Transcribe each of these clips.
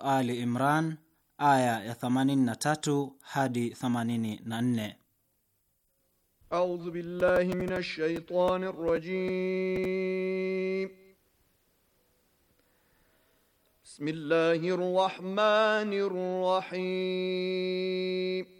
Ali Imran aya ya 83 hadi 84. A'udhu billahi minash shaitanir rajim. Bismillahir rahmanir rahim.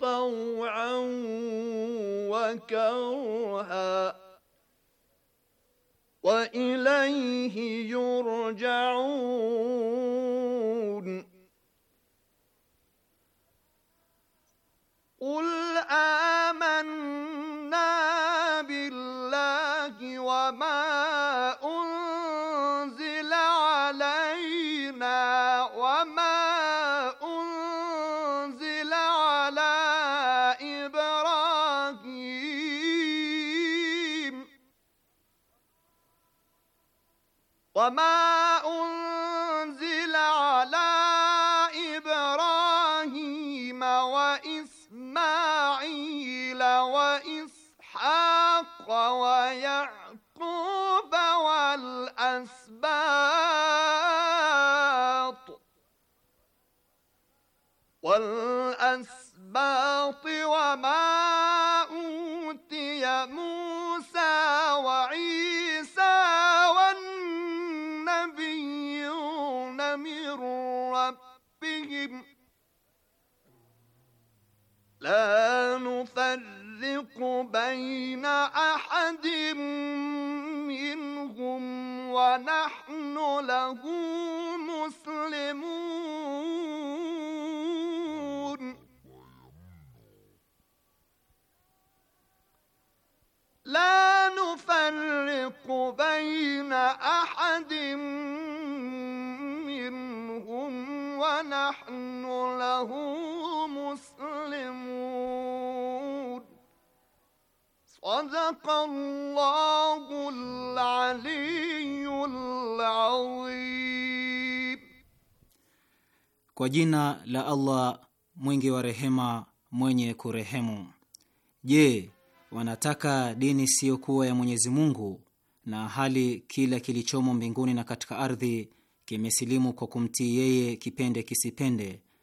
طوعا وكرها وإليه يرجعون قل آه والأسباط وما أوتي موسى وعيسى والنبيون من ربهم لا نفرق بين أحد منهم ونحن له له مسلمون صدق الله العلي العظيم Kwa jina la Allah mwingi wa rehema mwenye kurehemu. Je, wanataka dini siyo kuwa ya Mwenyezi Mungu na hali kila kilichomo mbinguni na katika ardhi kimesilimu kwa kumtii yeye kipende kisipende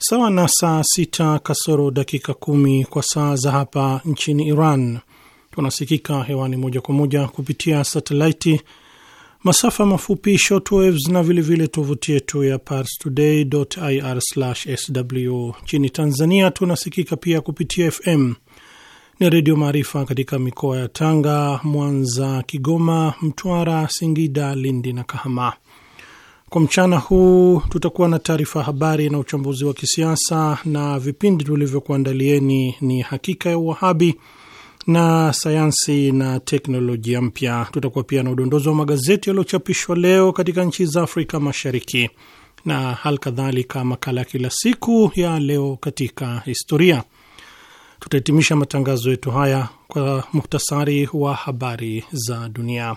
sawa na saa sita kasoro dakika kumi kwa saa za hapa nchini Iran. Tunasikika hewani moja kwa moja kupitia satelaiti, masafa mafupi shortwaves na vilevile tovuti yetu ya parstoday.ir/sw. Nchini Tanzania tunasikika pia kupitia FM ni Redio Maarifa katika mikoa ya Tanga, Mwanza, Kigoma, Mtwara, Singida, Lindi na Kahama. Kwa mchana huu tutakuwa na taarifa habari na uchambuzi wa kisiasa, na vipindi tulivyokuandalieni ni Hakika ya Uwahabi na Sayansi na Teknolojia Mpya. Tutakuwa pia na udondozi wa magazeti yaliyochapishwa leo katika nchi za Afrika Mashariki na hali kadhalika makala ya kila siku ya Leo katika Historia. Tutahitimisha matangazo yetu haya kwa muhtasari wa habari za dunia.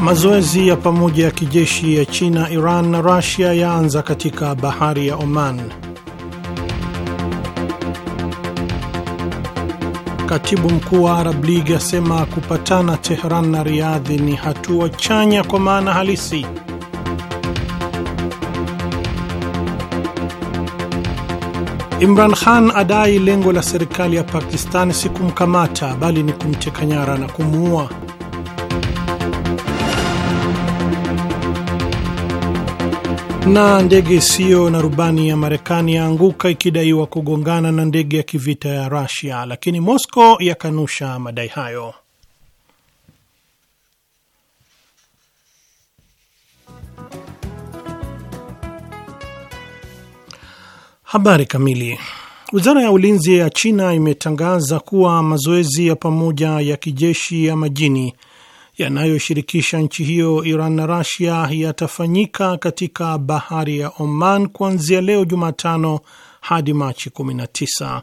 Mazoezi ya pamoja ya kijeshi ya China, Iran na Russia yaanza katika bahari ya Oman. Katibu mkuu wa Arab League asema kupatana Tehran na Riadhi ni hatua chanya kwa maana halisi. Imran Khan adai lengo la serikali ya Pakistan si kumkamata bali ni kumteka nyara na kumuua. Na ndege isiyo na rubani ya Marekani yaanguka ikidaiwa kugongana na ndege ya kivita ya Rusia, lakini Moscow yakanusha madai hayo. Habari kamili. Wizara ya ulinzi ya China imetangaza kuwa mazoezi ya pamoja ya kijeshi ya majini yanayoshirikisha nchi hiyo, Iran na Rasia yatafanyika katika bahari ya Oman kuanzia leo Jumatano hadi Machi 19.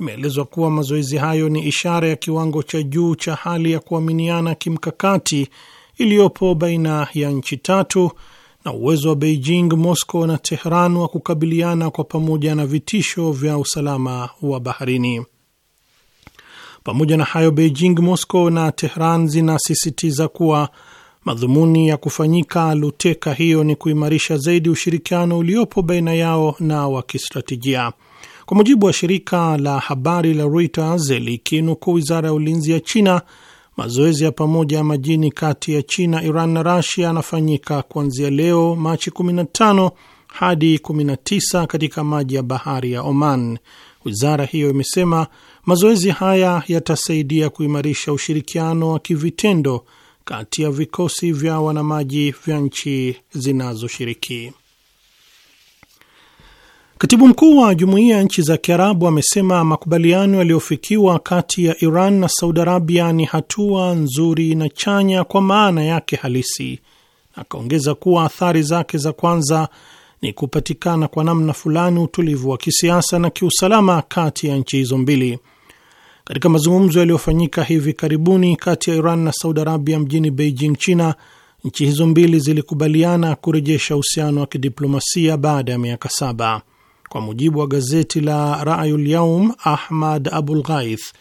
Imeelezwa kuwa mazoezi hayo ni ishara ya kiwango cha juu cha hali ya kuaminiana kimkakati iliyopo baina ya nchi tatu na uwezo wa Beijing, Moscow na Tehran wa kukabiliana kwa pamoja na vitisho vya usalama wa baharini. Pamoja na hayo, Beijing, Moscow na Tehran zinasisitiza kuwa madhumuni ya kufanyika luteka hiyo ni kuimarisha zaidi ushirikiano uliopo baina yao na wa kistratejia. Kwa mujibu wa shirika la habari la Reuters likinukuu wizara ya ulinzi ya China, mazoezi ya pamoja ya majini kati ya China, Iran na Rasia yanafanyika kuanzia leo Machi 15 hadi 19 katika maji ya bahari ya Oman. Wizara hiyo imesema Mazoezi haya yatasaidia kuimarisha ushirikiano wa kivitendo kati ya vikosi vya wanamaji vya nchi zinazoshiriki. Katibu mkuu wa Jumuiya ya Nchi za Kiarabu amesema makubaliano yaliyofikiwa kati ya Iran na Saudi Arabia ni hatua nzuri na chanya kwa maana yake halisi. Akaongeza kuwa athari zake za kwanza ni kupatikana kwa namna fulani utulivu wa kisiasa na kiusalama kati ya nchi hizo mbili. Katika mazungumzo yaliyofanyika hivi karibuni kati ya Iran na Saudi Arabia mjini Beijing, China, nchi hizo mbili zilikubaliana kurejesha uhusiano wa kidiplomasia baada ya miaka saba. Kwa mujibu wa gazeti la Rayul Yaum, Ahmad Abul Ghaith,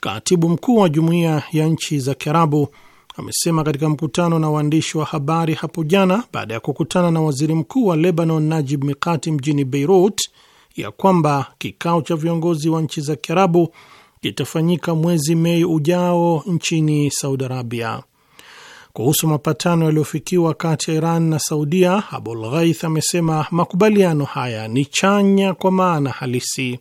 katibu mkuu wa Jumuiya ya Nchi za Kiarabu, amesema katika mkutano na waandishi wa habari hapo jana baada ya kukutana na waziri mkuu wa Lebanon Najib Mikati mjini Beirut ya kwamba kikao cha viongozi wa nchi za Kiarabu itafanyika mwezi Mei ujao nchini Saudi Arabia. Kuhusu mapatano yaliyofikiwa kati ya Iran na Saudia, Abul Ghaith amesema makubaliano haya ni chanya kwa maana halisi.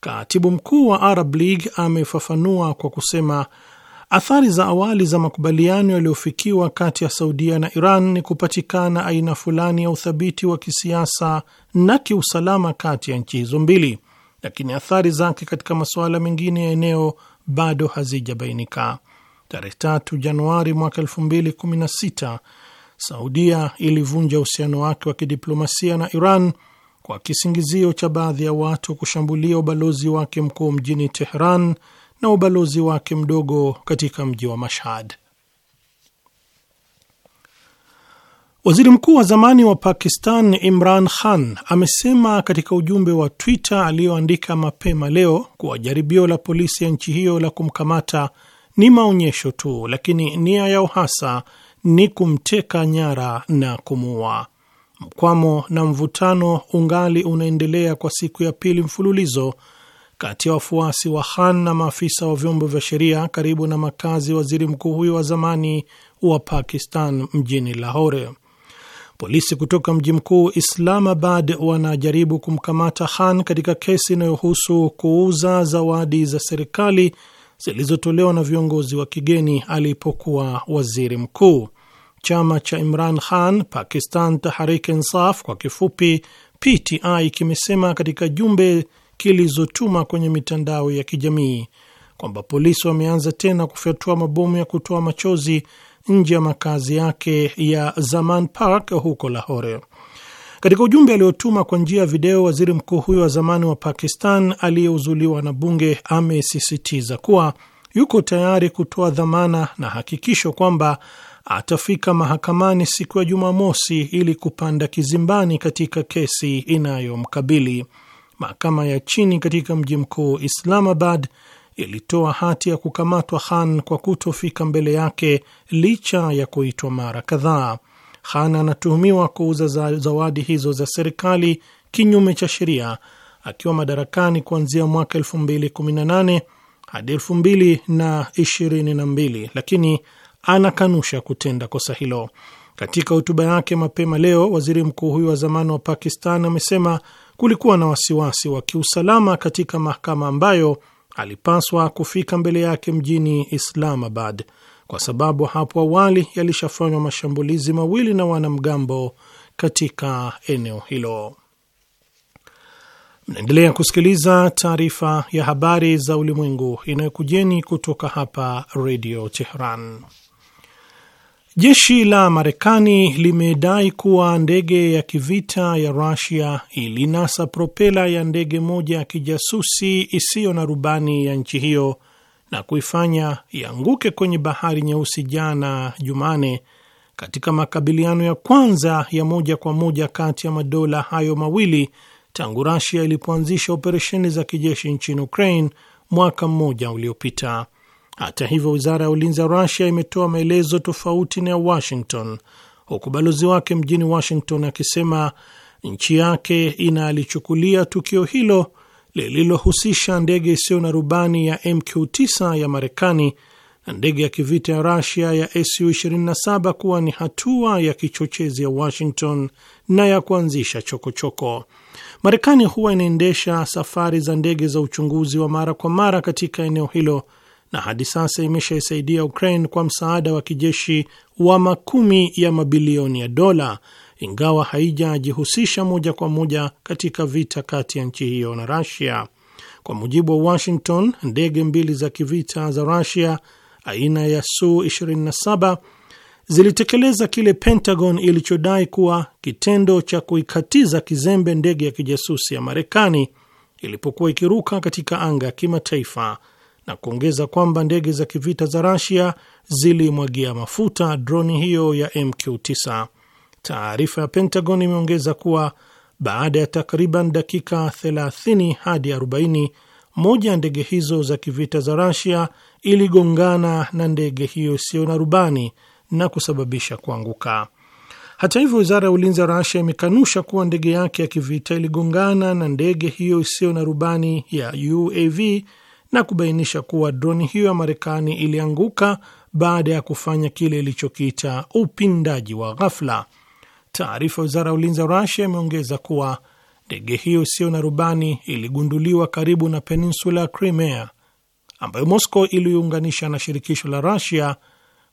Katibu mkuu wa Arab League amefafanua kwa kusema athari za awali za makubaliano yaliyofikiwa kati ya Saudia na Iran ni kupatikana aina fulani ya uthabiti wa kisiasa na kiusalama kati ya nchi hizo mbili lakini athari zake katika masuala mengine ya eneo bado hazijabainika. Tarehe tatu Januari mwaka elfu mbili kumi na sita Saudia ilivunja uhusiano wake wa kidiplomasia na Iran kwa kisingizio cha baadhi ya watu kushambulia ubalozi wake mkuu mjini Teheran na ubalozi wake mdogo katika mji wa Mashhad. Waziri mkuu wa zamani wa Pakistan Imran Khan amesema katika ujumbe wa Twitter aliyoandika mapema leo kuwa jaribio la polisi ya nchi hiyo la kumkamata ni maonyesho tu, lakini nia yao hasa ni kumteka nyara na kumuua. Mkwamo na mvutano ungali unaendelea kwa siku ya pili mfululizo kati ya wafuasi wa Khan na maafisa wa vyombo vya sheria karibu na makazi waziri mkuu huyo wa zamani wa Pakistan mjini Lahore. Polisi kutoka mji mkuu Islamabad wanajaribu kumkamata Khan katika kesi inayohusu kuuza zawadi za serikali zilizotolewa na viongozi wa kigeni alipokuwa waziri mkuu. Chama cha Imran Khan, Pakistan Tahrik Insaf kwa kifupi PTI, kimesema katika jumbe kilizotuma kwenye mitandao ya kijamii kwamba polisi wameanza tena kufyatua mabomu ya kutoa machozi nje ya makazi yake ya Zaman Park huko Lahore. Katika ujumbe aliotuma kwa njia ya video, waziri mkuu huyo wa zamani wa Pakistan aliyeuzuliwa na bunge amesisitiza kuwa yuko tayari kutoa dhamana na hakikisho kwamba atafika mahakamani siku ya Jumamosi ili kupanda kizimbani katika kesi inayomkabili. Mahakama ya chini katika mji mkuu Islamabad yalitoa hati ya kukamatwa Khan kwa kutofika mbele yake licha ya kuitwa mara kadhaa. Khan anatuhumiwa kuuza za zawadi hizo za serikali kinyume cha sheria akiwa madarakani kuanzia mwaka 2018 hadi 2022, lakini anakanusha kutenda kosa hilo. Katika hotuba yake mapema leo, waziri mkuu huyo wa zamani wa Pakistan amesema kulikuwa na wasiwasi wa kiusalama katika mahakama ambayo alipaswa kufika mbele yake mjini Islamabad kwa sababu hapo awali yalishafanywa mashambulizi mawili na wanamgambo katika eneo hilo. Mnaendelea kusikiliza taarifa ya habari za ulimwengu inayokujeni kutoka hapa Redio Tehran. Jeshi la Marekani limedai kuwa ndege ya kivita ya Rusia ilinasa propela ya ndege moja ya kijasusi isiyo na rubani ya nchi hiyo na kuifanya ianguke kwenye bahari nyeusi jana Jumane, katika makabiliano ya kwanza ya moja kwa moja kati ya madola hayo mawili tangu Rusia ilipoanzisha operesheni za kijeshi nchini Ukraine mwaka mmoja uliopita. Hata hivyo, wizara ya ulinzi ya Rusia imetoa maelezo tofauti na ya Washington, huku balozi wake mjini Washington akisema nchi yake inalichukulia tukio hilo lililohusisha ndege isiyo na rubani ya MQ9 ya Marekani na ndege ya kivita ya Rusia ya Su27 kuwa ni hatua ya kichochezi ya Washington na ya kuanzisha chokochoko. Marekani huwa inaendesha safari za ndege za uchunguzi wa mara kwa mara katika eneo hilo na hadi sasa imeshaisaidia Ukraine kwa msaada wa kijeshi wa makumi ya mabilioni ya dola, ingawa haijajihusisha moja kwa moja katika vita kati ya nchi hiyo na rasia Kwa mujibu wa Washington, ndege mbili za kivita za rasia aina ya Su-27 zilitekeleza kile Pentagon ilichodai kuwa kitendo cha kuikatiza kizembe ndege ya kijasusi ya Marekani ilipokuwa ikiruka katika anga ya kimataifa na kuongeza kwamba ndege za kivita za Rasia zilimwagia mafuta droni hiyo ya MQ9. Taarifa ya Pentagon imeongeza kuwa baada ya takriban dakika 30 hadi 40 moja ya ndege hizo za kivita za Rasia iligongana na ndege hiyo isiyo na rubani na kusababisha kuanguka. Hata hivyo, wizara ya ulinzi ya Rasia imekanusha kuwa ndege yake ya kivita iligongana na ndege hiyo isiyo na rubani ya UAV na kubainisha kuwa droni hiyo ya Marekani ilianguka baada ya kufanya kile ilichokiita upindaji wa ghafla. Taarifa ya wizara ya ulinzi ya Rusia imeongeza kuwa ndege hiyo isiyo na rubani iligunduliwa karibu na peninsula ya Crimea ambayo Moscow iliunganisha na shirikisho la Rusia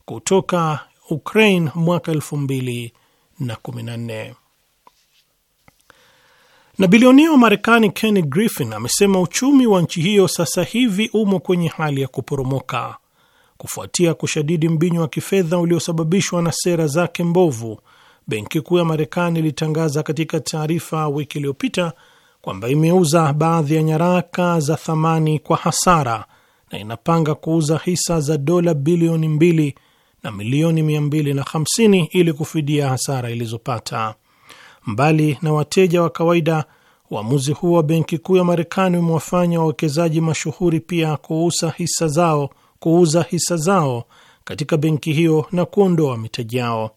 kutoka Ukraine mwaka 214 na bilionea wa Marekani kenny Griffin amesema uchumi wa nchi hiyo sasa hivi umo kwenye hali ya kuporomoka kufuatia kushadidi mbinyo wa kifedha uliosababishwa na sera zake mbovu. Benki Kuu ya Marekani ilitangaza katika taarifa wiki iliyopita kwamba imeuza baadhi ya nyaraka za thamani kwa hasara na inapanga kuuza hisa za dola bilioni mbili na milioni mia mbili na hamsini ili kufidia hasara ilizopata. Mbali na wateja wa kawaida, uamuzi huo wa benki kuu ya Marekani umewafanya wawekezaji mashuhuri pia kuuza hisa zao, kuuza hisa zao katika benki hiyo na kuondoa mitaji yao.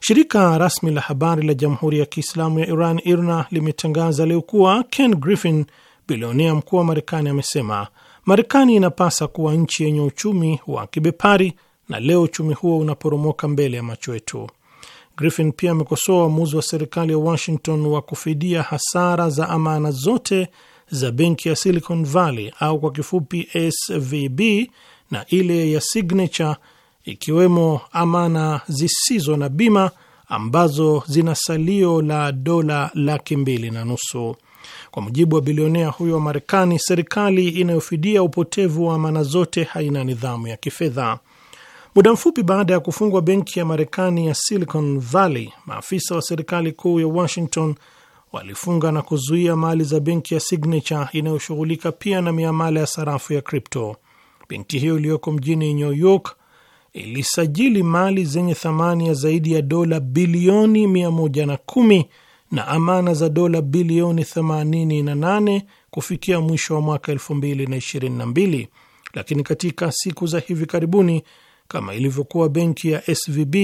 Shirika rasmi la habari la Jamhuri ya Kiislamu ya Iran, IRNA, limetangaza leo kuwa Ken Griffin, bilionea mkuu wa Marekani, amesema Marekani inapasa kuwa nchi yenye uchumi wa kibepari, na leo uchumi huo unaporomoka mbele ya macho yetu. Griffin pia amekosoa uamuzi wa serikali ya Washington wa kufidia hasara za amana zote za benki ya Silicon Valley au kwa kifupi SVB na ile ya Signature, ikiwemo amana zisizo na bima ambazo zina salio la dola laki mbili na nusu. Kwa mujibu wa bilionea huyo wa Marekani, serikali inayofidia upotevu wa amana zote haina nidhamu ya kifedha. Muda mfupi baada ya kufungwa benki ya Marekani ya Silicon Valley, maafisa wa serikali kuu ya Washington walifunga na kuzuia mali za benki ya Signature inayoshughulika pia na miamala ya sarafu ya kripto. Benki hiyo iliyoko mjini New York ilisajili mali zenye thamani ya zaidi ya dola bilioni 110 na amana za dola bilioni 88 kufikia mwisho wa mwaka 2022, lakini katika siku za hivi karibuni kama ilivyokuwa benki ya SVB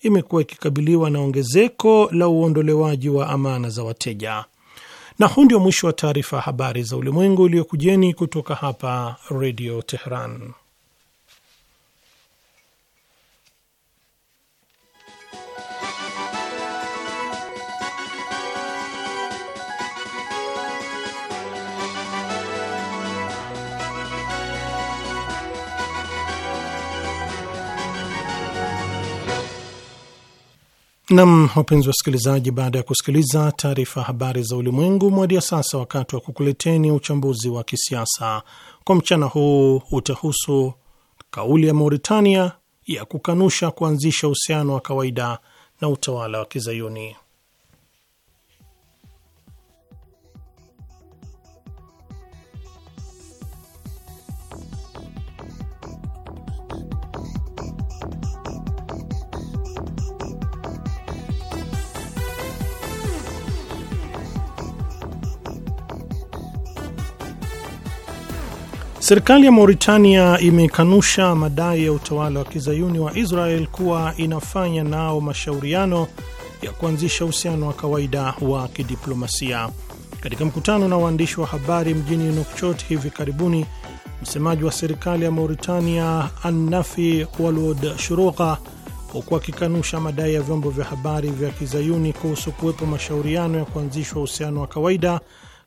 imekuwa ikikabiliwa na ongezeko la uondolewaji wa amana za wateja. Na huu ndio mwisho wa taarifa ya habari za ulimwengu iliyokujeni kutoka hapa Redio Teheran. Nam, wapenzi wasikilizaji, baada ya kusikiliza taarifa habari za ulimwengu, mwadia sasa wakati wa kukuleteni uchambuzi wa kisiasa kwa mchana huu. Utahusu kauli ya Mauritania ya kukanusha kuanzisha uhusiano wa kawaida na utawala wa Kizayuni. Serikali ya Mauritania imekanusha madai ya utawala wa kizayuni wa Israel kuwa inafanya nao mashauriano ya kuanzisha uhusiano wa kawaida wa kidiplomasia. Katika mkutano na waandishi wa habari mjini nokchot hivi karibuni, msemaji wa serikali ya Mauritania Annafi Walod Shuruka, huku akikanusha madai ya vyombo vya habari vya kizayuni kuhusu kuwepo mashauriano ya kuanzishwa uhusiano wa kawaida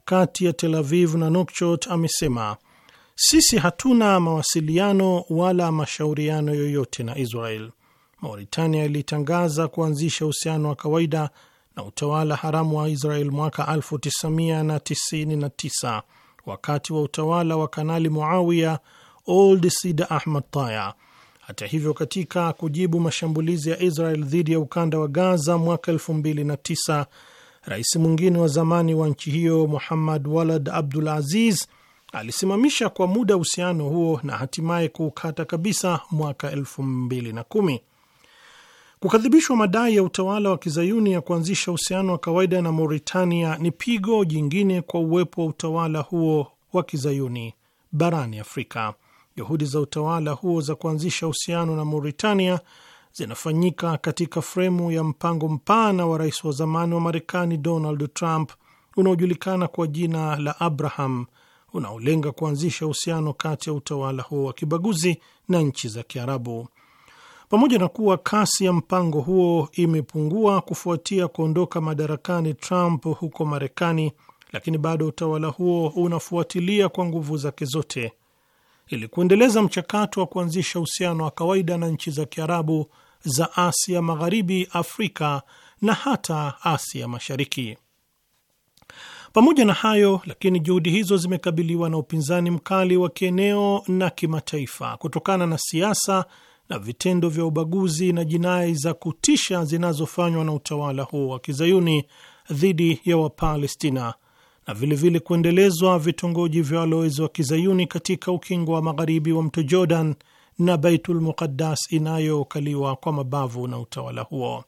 kati ya Tel Aviv na nokchot amesema sisi hatuna mawasiliano wala mashauriano yoyote na Israel. Mauritania ilitangaza kuanzisha uhusiano wa kawaida na utawala haramu wa Israel mwaka 1999 wakati wa utawala wa Kanali Muawiya Old Sid Ahmad Taya. Hata hivyo, katika kujibu mashambulizi ya Israel dhidi ya ukanda wa Gaza mwaka 2009, rais mwingine wa zamani wa nchi hiyo Muhammad Walad Abdul Aziz alisimamisha kwa muda uhusiano huo na hatimaye kuukata kabisa mwaka kumi. Kukadhibishwa madai ya utawala wa kizayuni ya kuanzisha uhusiano wa kawaida na Mauritania ni pigo jingine kwa uwepo wa utawala huo wa kizayuni barani Afrika. Juhudi za utawala huo za kuanzisha uhusiano na Mauritania zinafanyika katika fremu ya mpango mpana wa rais wa zamani wa Marekani Donald Trump unaojulikana kwa jina la Abraham unaolenga kuanzisha uhusiano kati ya utawala huo wa kibaguzi na nchi za Kiarabu. Pamoja na kuwa kasi ya mpango huo imepungua kufuatia kuondoka madarakani Trump huko Marekani, lakini bado utawala huo unafuatilia kwa nguvu zake zote ili kuendeleza mchakato wa kuanzisha uhusiano wa kawaida na nchi za Kiarabu za Asia Magharibi, Afrika na hata Asia Mashariki. Pamoja na hayo lakini, juhudi hizo zimekabiliwa na upinzani mkali wa kieneo na kimataifa kutokana na siasa na vitendo vya ubaguzi na jinai za kutisha zinazofanywa na utawala huo wa kizayuni dhidi ya Wapalestina na vilevile vile kuendelezwa vitongoji vya walowezi wa kizayuni katika ukingo wa magharibi wa mto Jordan na Baitul Muqaddas inayokaliwa kwa mabavu na utawala huo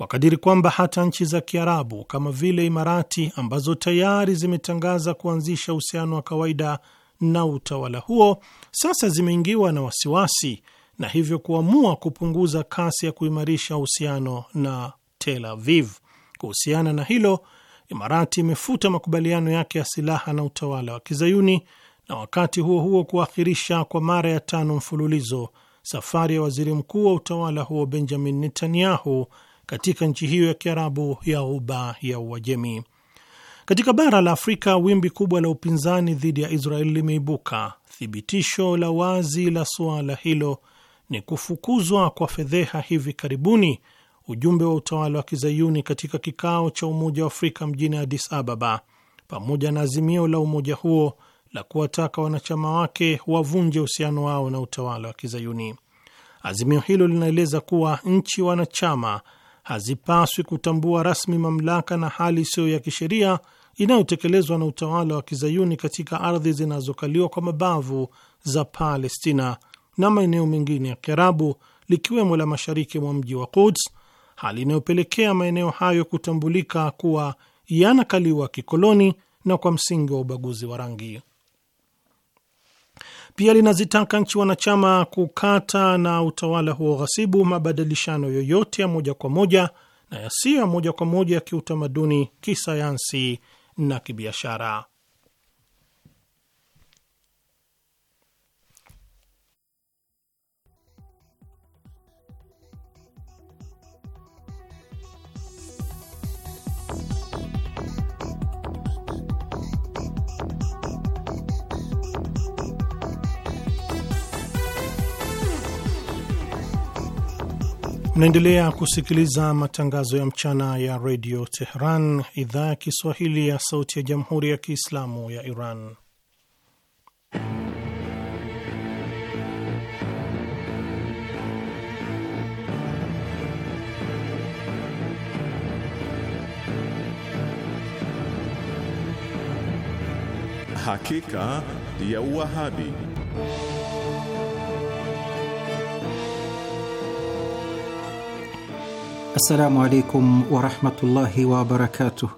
wakadiri kwamba hata nchi za Kiarabu kama vile Imarati ambazo tayari zimetangaza kuanzisha uhusiano wa kawaida na utawala huo sasa zimeingiwa na wasiwasi na hivyo kuamua kupunguza kasi ya kuimarisha uhusiano na Tel Aviv. Kuhusiana na hilo, Imarati imefuta makubaliano yake ya silaha na utawala wa Kizayuni na wakati huo huo kuakhirisha kwa mara ya tano mfululizo safari ya waziri mkuu wa utawala huo Benjamin Netanyahu katika nchi hiyo ya Kiarabu ya Ghuba ya Uajemi. Katika bara la Afrika, wimbi kubwa la upinzani dhidi ya Israeli limeibuka. Thibitisho la wazi la suala hilo ni kufukuzwa kwa fedheha hivi karibuni ujumbe wa utawala wa kizayuni katika kikao cha Umoja wa Afrika mjini Addis Ababa, pamoja na azimio la umoja huo la kuwataka wanachama wake wavunje uhusiano wao na utawala wa kizayuni. Azimio hilo linaeleza kuwa nchi wanachama hazipaswi kutambua rasmi mamlaka na hali isiyo ya kisheria inayotekelezwa na utawala wa kizayuni katika ardhi zinazokaliwa kwa mabavu za Palestina na maeneo mengine ya Kiarabu likiwemo la mashariki mwa mji wa Quds, hali inayopelekea maeneo hayo kutambulika kuwa yanakaliwa kikoloni na kwa msingi wa ubaguzi wa rangi. Pia linazitaka nchi wanachama kukata na utawala huo ghasibu mabadilishano yoyote ya moja kwa moja na yasiyo ya moja kwa moja ya kiutamaduni, kisayansi na kibiashara. Mnaendelea kusikiliza matangazo ya mchana ya redio Teheran, idhaa ya Kiswahili ya sauti ya jamhuri ya Kiislamu ya Iran. Hakika ya Uwahabi. Assalamu alaikum warahmatullahi wabarakatuh.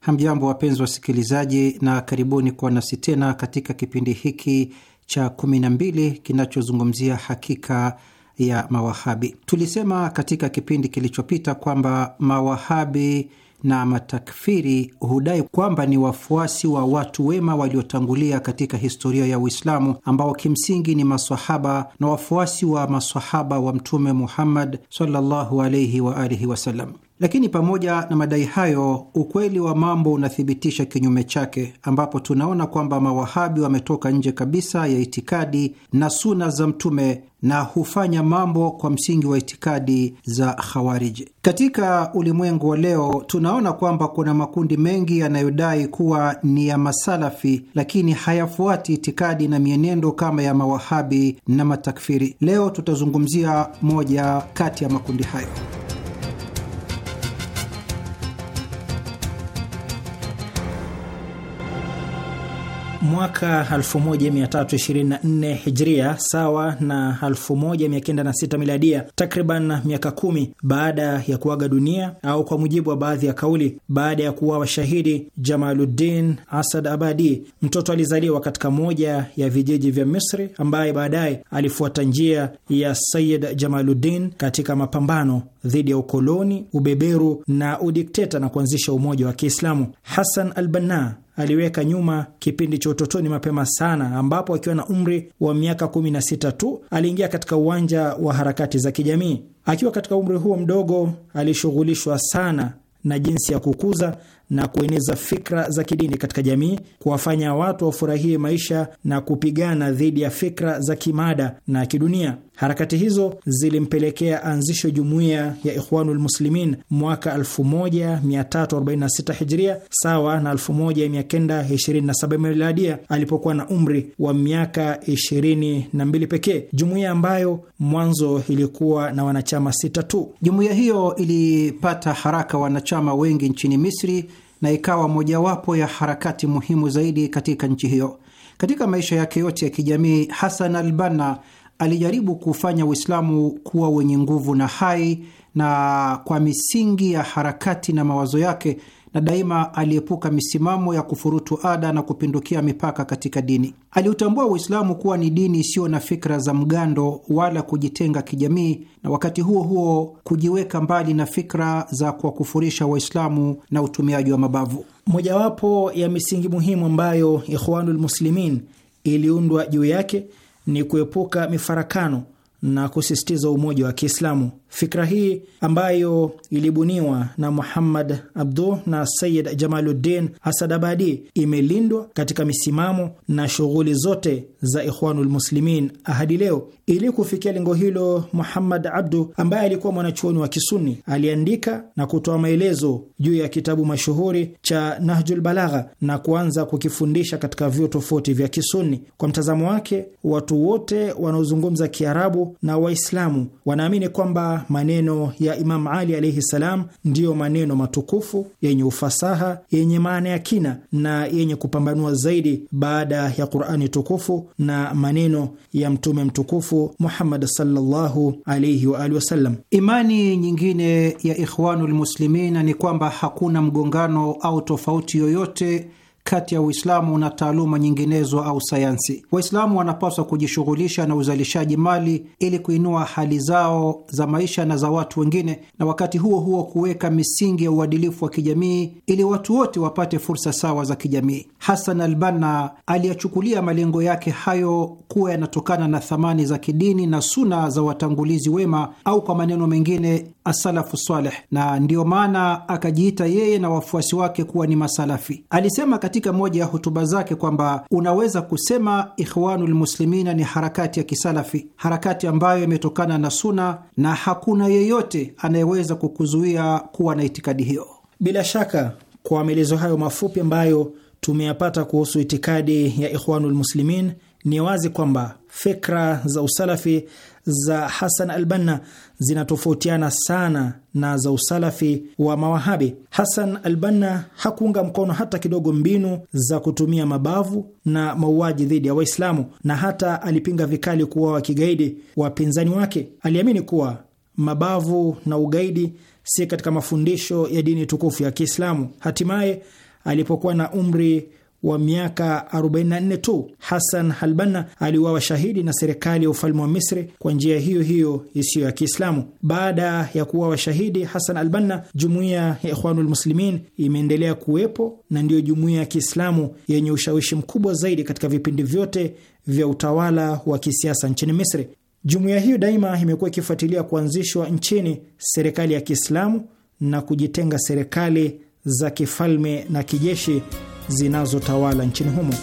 Hamjambo wapenzi wasikilizaji, na karibuni kwa nasi tena katika kipindi hiki cha 12 kinachozungumzia hakika ya Mawahabi. Tulisema katika kipindi kilichopita kwamba Mawahabi na matakfiri hudai kwamba ni wafuasi wa watu wema waliotangulia katika historia ya Uislamu ambao kimsingi ni masahaba na wafuasi wa masahaba wa Mtume Muhammad sallallahu alaihi wa alihi wasallam. Lakini pamoja na madai hayo, ukweli wa mambo unathibitisha kinyume chake, ambapo tunaona kwamba mawahabi wametoka nje kabisa ya itikadi na suna za Mtume na hufanya mambo kwa msingi wa itikadi za Khawariji. Katika ulimwengu wa leo, tunaona kwamba kuna makundi mengi yanayodai kuwa ni ya Masalafi, lakini hayafuati itikadi na mienendo kama ya mawahabi na matakfiri. Leo tutazungumzia moja kati ya makundi hayo. mwaka 1324 hijria sawa na 1906 miladia, takriban miaka kumi baada ya kuaga dunia au kwa mujibu wa baadhi ya kauli, baada ya kuwa washahidi Jamaluddin Asad Abadi, mtoto alizaliwa katika moja ya vijiji vya Misri ambaye baadaye alifuata njia ya sayid Jamaluddin katika mapambano dhidi ya ukoloni, ubeberu na udikteta na kuanzisha umoja wa Kiislamu. hasan al-Banna aliweka nyuma kipindi cha utotoni mapema sana, ambapo akiwa na umri wa miaka 16 tu aliingia katika uwanja wa harakati za kijamii. Akiwa katika umri huo mdogo, alishughulishwa sana na jinsi ya kukuza na kueneza fikra za kidini katika jamii, kuwafanya watu wafurahie maisha na kupigana dhidi ya fikra za kimada na kidunia. Harakati hizo zilimpelekea anzisho jumuiya ya Ikhwanul Muslimin mwaka 1346 Hijria, sawa na 1927 Miladia, alipokuwa na umri wa miaka 22 pekee, jumuiya ambayo mwanzo ilikuwa na wanachama sita tu. Jumuiya hiyo ilipata haraka wanachama wengi nchini Misri na ikawa mojawapo ya harakati muhimu zaidi katika nchi hiyo. Katika maisha yake yote ya kijamii, Hasan al-Banna alijaribu kufanya Uislamu kuwa wenye nguvu na hai na kwa misingi ya harakati na mawazo yake, na daima aliepuka misimamo ya kufurutu ada na kupindukia mipaka katika dini. Aliutambua Uislamu kuwa ni dini isiyo na fikra za mgando wala kujitenga kijamii, na wakati huo huo kujiweka mbali na fikra za kuwakufurisha Waislamu na utumiaji wa mabavu. Mojawapo ya misingi muhimu ambayo Ikhwanul Muslimin iliundwa juu yake ni kuepuka mifarakano na kusisitiza umoja wa Kiislamu. Fikra hii ambayo ilibuniwa na Muhammad abdu na Sayid Jamaluddin Asadabadi imelindwa katika misimamo na shughuli zote za Ikhwanul Muslimin hadi leo. Ili kufikia lengo hilo, Muhammad Abdu ambaye alikuwa mwanachuoni wa Kisuni aliandika na kutoa maelezo juu ya kitabu mashuhuri cha Nahjul Balagha na kuanza kukifundisha katika vyuo tofauti vya Kisuni. Kwa mtazamo wake, watu wote wanaozungumza Kiarabu na Waislamu wanaamini kwamba maneno ya Imam Ali alaihi ssalam ndiyo maneno matukufu yenye ufasaha, yenye maana ya kina na yenye kupambanua zaidi baada ya Qurani tukufu na maneno ya Mtume mtukufu Muhammad sallallahu alaihi wa alihi wasallam. Imani nyingine ya Ikhwanul ni kwamba hakuna mgongano au tofauti yoyote kati ya Uislamu na taaluma nyinginezo au sayansi. Waislamu wanapaswa kujishughulisha na uzalishaji mali ili kuinua hali zao za maisha na za watu wengine, na wakati huo huo kuweka misingi ya uadilifu wa kijamii ili watu wote wapate fursa sawa za kijamii. Hasan albana aliyachukulia malengo yake hayo kuwa yanatokana na thamani za kidini na suna za watangulizi wema, au kwa maneno mengine asalafu saleh, na ndiyo maana akajiita yeye na wafuasi wake kuwa ni masalafi. Alisema katika moja ya hotuba zake kwamba unaweza kusema Ikhwanul Muslimina ni harakati ya kisalafi, harakati ambayo imetokana na Suna, na hakuna yeyote anayeweza kukuzuia kuwa na itikadi hiyo. Bila shaka kwa maelezo hayo mafupi ambayo tumeyapata kuhusu itikadi ya Ikhwanul Muslimin, ni wazi kwamba fikra za usalafi za Hasan Banna zinatofautiana sana na za usalafi wa Mawahabi. Hasan Albanna hakuunga mkono hata kidogo mbinu za kutumia mabavu na mauaji dhidi ya Waislamu, na hata alipinga vikali kuwa wa kigaidi wapinzani wake. Aliamini kuwa mabavu na ugaidi si katika mafundisho ya dini tukufu ya Kiislamu. Hatimaye alipokuwa na umri wa miaka 44 tu. Hassan Halbanna aliuawa shahidi na serikali ya ufalme wa Misri kwa njia hiyo hiyo isiyo ya Kiislamu. Baada ya kuuawa shahidi Hassan Albanna, jumuiya ya Ikhwanul Muslimin imeendelea kuwepo na ndiyo jumuiya ya Kiislamu yenye ushawishi mkubwa zaidi katika vipindi vyote vya utawala wa kisiasa nchini Misri. Jumuiya hiyo daima imekuwa ikifuatilia kuanzishwa nchini serikali ya Kiislamu na kujitenga serikali za kifalme na kijeshi zinazotawala nchini humo.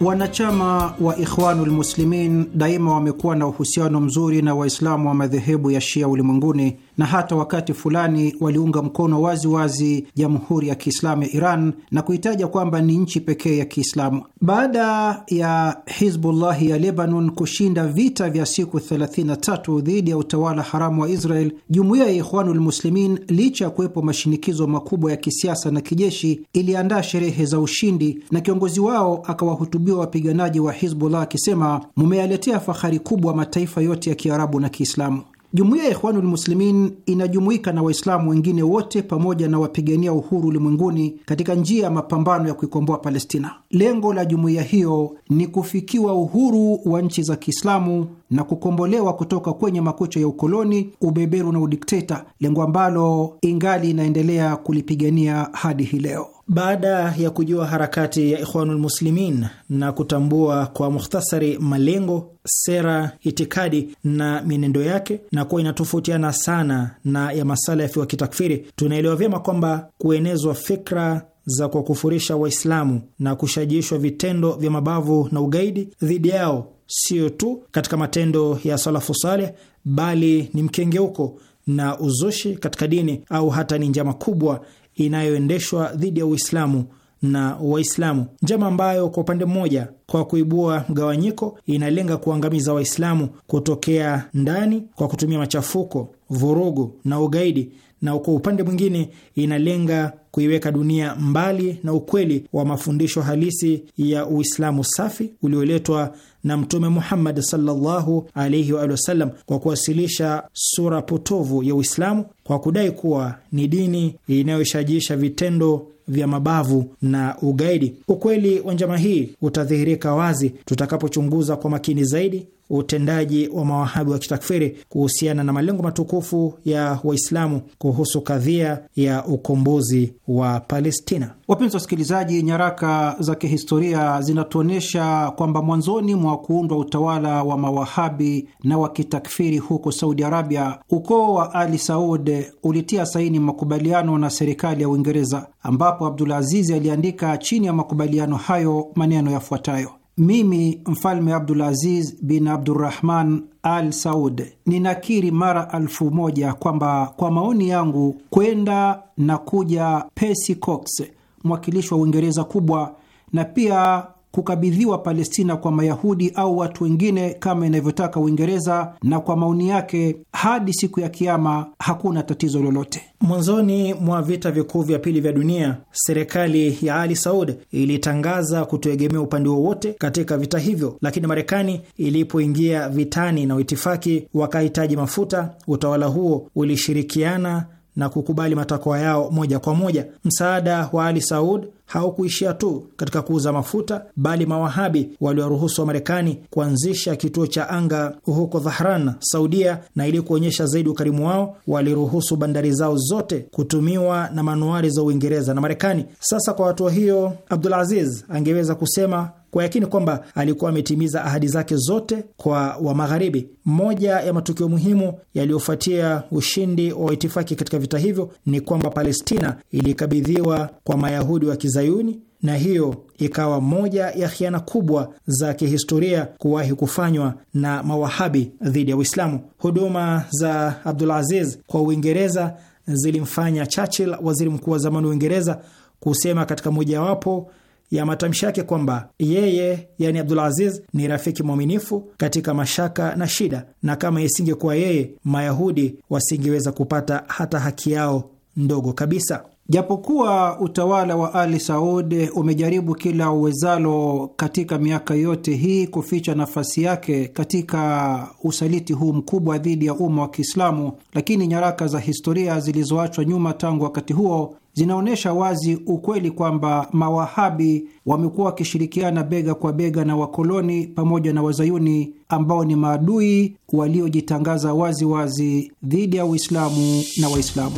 Wanachama wa Ikhwanul Muslimin daima wamekuwa na uhusiano mzuri na Waislamu wa madhehebu ya Shia ulimwenguni na hata wakati fulani waliunga mkono waziwazi Jamhuri ya Kiislamu ya Iran na kuitaja kwamba ni nchi pekee ya Kiislamu. Baada ya Hizbullahi ya Lebanon kushinda vita vya siku 33 dhidi ya utawala haramu wa Israel, jumuiya ya Ikhwanul Muslimin, licha ya kuwepo mashinikizo makubwa ya kisiasa na kijeshi, iliandaa sherehe za ushindi na kiongozi wao akawahutubia wapiganaji wa Hizbullah akisema, mumeyaletea fahari kubwa mataifa yote ya Kiarabu na Kiislamu. Jumuiya ya Ikhwanul Muslimin inajumuika na Waislamu wengine wote pamoja na wapigania uhuru ulimwenguni katika njia ya mapambano ya kuikomboa Palestina. Lengo la jumuiya hiyo ni kufikiwa uhuru wa nchi za Kiislamu na kukombolewa kutoka kwenye makucha ya ukoloni, ubeberu na udikteta, lengo ambalo ingali inaendelea kulipigania hadi hii leo. Baada ya kujua harakati ya Ikhwanul Muslimin na kutambua kwa mukhtasari malengo, sera, itikadi na mienendo yake na kuwa inatofautiana sana na ya masalafi wa kitakfiri, tunaelewa vyema kwamba kuenezwa fikra za kuwakufurisha Waislamu na kushajiishwa vitendo vya mabavu na ugaidi dhidi yao sio tu katika matendo ya salafu saleh, bali ni mkengeuko na uzushi katika dini au hata ni njama kubwa inayoendeshwa dhidi ya Uislamu na Waislamu, njama ambayo kwa upande mmoja, kwa kuibua mgawanyiko, inalenga kuangamiza Waislamu kutokea ndani kwa kutumia machafuko, vurugu na ugaidi, na kwa upande mwingine, inalenga kuiweka dunia mbali na ukweli wa mafundisho halisi ya Uislamu safi ulioletwa na Mtume Muhammad sallallahu alaihi wa sallam kwa kuwasilisha sura potovu ya Uislamu kwa kudai kuwa ni dini inayoshajiisha vitendo vya mabavu na ugaidi. Ukweli wa njama hii utadhihirika wazi tutakapochunguza kwa makini zaidi utendaji wa mawahabi wa kitakfiri kuhusiana na malengo matukufu ya Waislamu kuhusu kadhia ya ukombozi wa Palestina. Wapenzi wasikilizaji, nyaraka za kihistoria zinatuonyesha kwamba mwanzoni mwa kuundwa utawala wa mawahabi na wa kitakfiri huko Saudi Arabia, ukoo wa Ali Saud ulitia saini makubaliano na serikali ya Uingereza, ambapo abdul azizi aliandika chini ya makubaliano hayo maneno yafuatayo: mimi mfalme Abdulaziz bin Abdurrahman Al Saud ninakiri mara alfu moja kwamba kwa maoni yangu kwenda na kuja Percy Cox mwakilishi wa Uingereza kubwa na pia kukabidhiwa Palestina kwa Mayahudi au watu wengine kama inavyotaka Uingereza, na kwa maoni yake hadi siku ya Kiama hakuna tatizo lolote. Mwanzoni mwa vita vikuu vya pili vya dunia, serikali ya Ali Saud ilitangaza kutoegemea upande wowote katika vita hivyo, lakini Marekani ilipoingia vitani na Uitifaki wakahitaji mafuta, utawala huo ulishirikiana na kukubali matakwa yao moja kwa moja. Msaada wa Ali Saud haukuishia tu katika kuuza mafuta, bali mawahabi waliwaruhusu wa Marekani kuanzisha kituo cha anga huko Dhahran, Saudia, na ili kuonyesha zaidi ukarimu wao waliruhusu bandari zao zote kutumiwa na manuari za Uingereza na Marekani. Sasa kwa hatua hiyo, abdul aziz angeweza kusema kwa yakini kwamba alikuwa ametimiza ahadi zake zote kwa Wamagharibi. Moja ya matukio muhimu yaliyofuatia ushindi wa waitifaki katika vita hivyo ni kwamba Palestina ilikabidhiwa kwa Mayahudi wa Kizayuni, na hiyo ikawa moja ya khiana kubwa za kihistoria kuwahi kufanywa na mawahabi dhidi ya Uislamu. Huduma za abdul aziz kwa Uingereza zilimfanya Churchill, waziri mkuu wa zamani wa Uingereza, kusema katika mojawapo ya matamshi yake kwamba yeye, yani Abdulaziz, ni rafiki mwaminifu katika mashaka na shida, na kama isingekuwa yeye Mayahudi wasingeweza kupata hata haki yao ndogo kabisa. Japokuwa utawala wa Ali Saud umejaribu kila uwezalo katika miaka yote hii kuficha nafasi yake katika usaliti huu mkubwa dhidi ya umma wa Kiislamu, lakini nyaraka za historia zilizoachwa nyuma tangu wakati huo zinaonyesha wazi ukweli kwamba mawahabi wamekuwa wakishirikiana bega kwa bega na wakoloni pamoja na wazayuni ambao ni maadui waliojitangaza waziwazi dhidi ya Uislamu na Waislamu.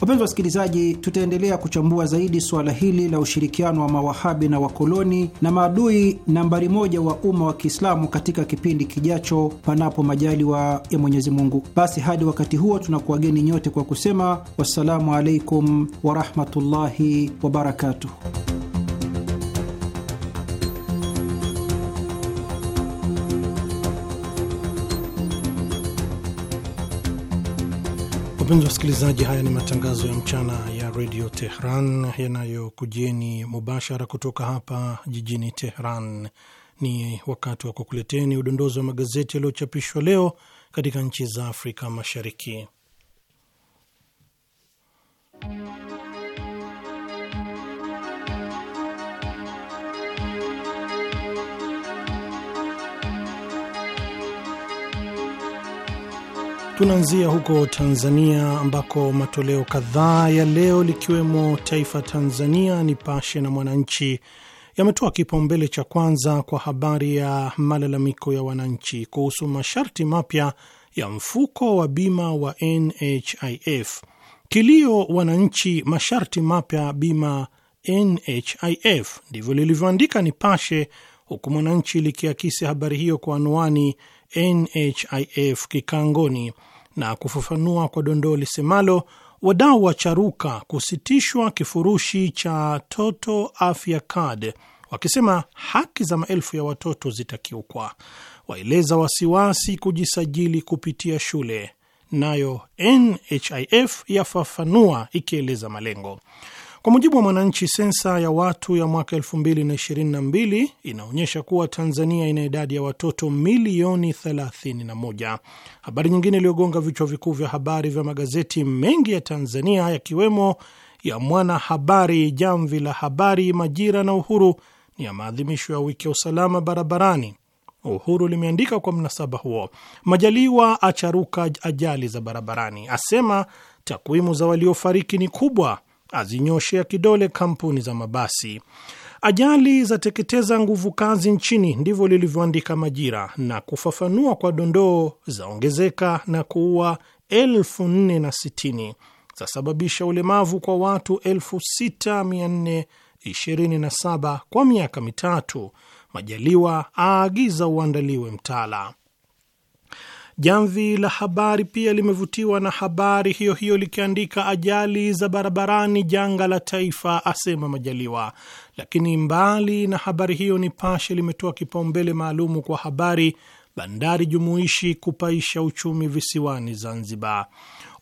Wapenzi wasikilizaji, tutaendelea kuchambua zaidi suala hili la ushirikiano wa mawahabi na wakoloni na maadui nambari moja wa umma wa Kiislamu katika kipindi kijacho, panapo majaliwa ya Mwenyezi Mungu. Basi hadi wakati huo, tunakuwageni nyote kwa kusema wassalamu alaikum warahmatullahi wabarakatuh. Wapenzi wasikilizaji, haya ni matangazo ya mchana ya redio Tehran yanayokujieni mubashara kutoka hapa jijini Tehran. Ni wakati wa kukuleteni udondozi wa magazeti yaliyochapishwa leo katika nchi za Afrika Mashariki. Tunaanzia huko Tanzania ambako matoleo kadhaa ya leo likiwemo Taifa Tanzania, Nipashe na Mwananchi yametoa kipaumbele cha kwanza kwa habari ya malalamiko ya wananchi kuhusu masharti mapya ya mfuko wa bima wa NHIF. Kilio wananchi, masharti mapya bima NHIF, ndivyo lilivyoandika Nipashe, huku Mwananchi likiakisi habari hiyo kwa anwani NHIF kikangoni na kufafanua kwa dondoo lisemalo wadau wacharuka kusitishwa kifurushi cha Toto Afya Card wakisema haki za maelfu ya watoto zitakiukwa, waeleza wasiwasi kujisajili kupitia shule, nayo NHIF yafafanua ikieleza malengo. Kwa mujibu wa Mwananchi, sensa ya watu ya mwaka 2022 inaonyesha kuwa Tanzania ina idadi ya watoto milioni 31. Habari nyingine iliyogonga vichwa vikuu vya habari vya magazeti mengi ya Tanzania yakiwemo ya Mwana Habari, Jamvi la Habari, Majira na Uhuru ni ya maadhimisho ya wiki ya usalama barabarani. Uhuru limeandika kwa mnasaba huo, Majaliwa acharuka ajali za barabarani, asema takwimu za waliofariki ni kubwa azinyoshea kidole kampuni za mabasi. Ajali zateketeza nguvu kazi nchini, ndivyo lilivyoandika Majira na kufafanua kwa dondoo zaongezeka na kuua elfu nne na sitini zasababisha ulemavu kwa watu 627 kwa miaka mitatu. Majaliwa aagiza uandaliwe mtaala Jamvi la Habari pia limevutiwa na habari hiyo hiyo likiandika, ajali za barabarani janga la taifa, asema Majaliwa. Lakini mbali na habari hiyo, Nipashe limetoa kipaumbele maalumu kwa habari bandari jumuishi kupaisha uchumi visiwani Zanzibar.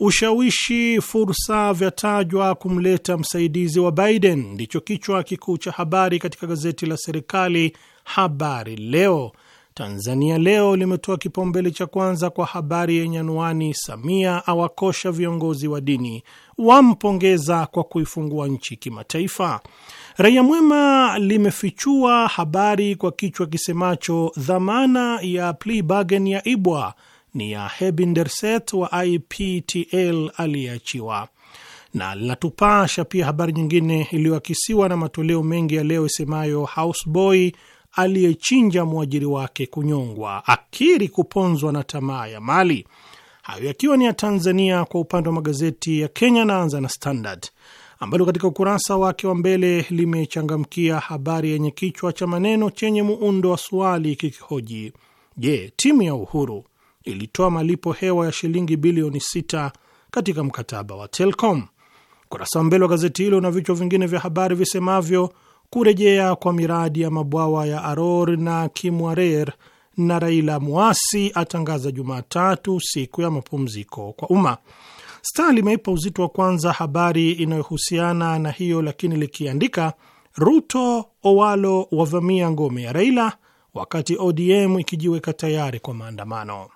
Ushawishi fursa vyatajwa kumleta msaidizi wa Biden, ndicho kichwa kikuu cha habari katika gazeti la serikali Habari Leo. Tanzania Leo limetoa kipaumbele cha kwanza kwa habari yenye anwani, Samia awakosha viongozi wa dini, wampongeza kwa kuifungua nchi kimataifa. Raia Mwema limefichua habari kwa kichwa kisemacho, dhamana ya plea bargain ya ibwa ni ya Hebinderset wa IPTL aliyeachiwa na linatupasha pia habari nyingine iliyoakisiwa na matoleo mengi ya leo isemayo houseboy aliyechinja mwajiri wake kunyongwa, akiri kuponzwa na tamaa ya mali. Hayo yakiwa ni ya Tanzania. Kwa upande wa magazeti ya Kenya, naanza na Standard ambalo katika ukurasa wake wa mbele limechangamkia habari yenye kichwa cha maneno chenye muundo wa swali kikihoji, je, timu ya Uhuru ilitoa malipo hewa ya shilingi bilioni 6 katika mkataba wa Telcom? Ukurasa wa mbele wa gazeti hilo na vichwa vingine vya habari visemavyo kurejea kwa miradi ya mabwawa ya Aror na Kimwarer na Raila Muasi atangaza Jumatatu siku ya mapumziko kwa umma. Star limeipa uzito wa kwanza habari inayohusiana na hiyo, lakini likiandika Ruto Owalo wavamia ngome ya Raila wakati ODM ikijiweka tayari kwa maandamano.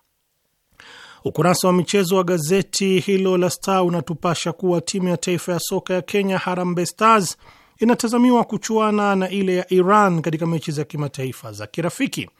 Ukurasa wa michezo wa gazeti hilo la Star unatupasha kuwa timu ya taifa ya soka ya Kenya Harambee Stars inatazamiwa kuchuana na ile ya Iran katika mechi za kimataifa za kirafiki.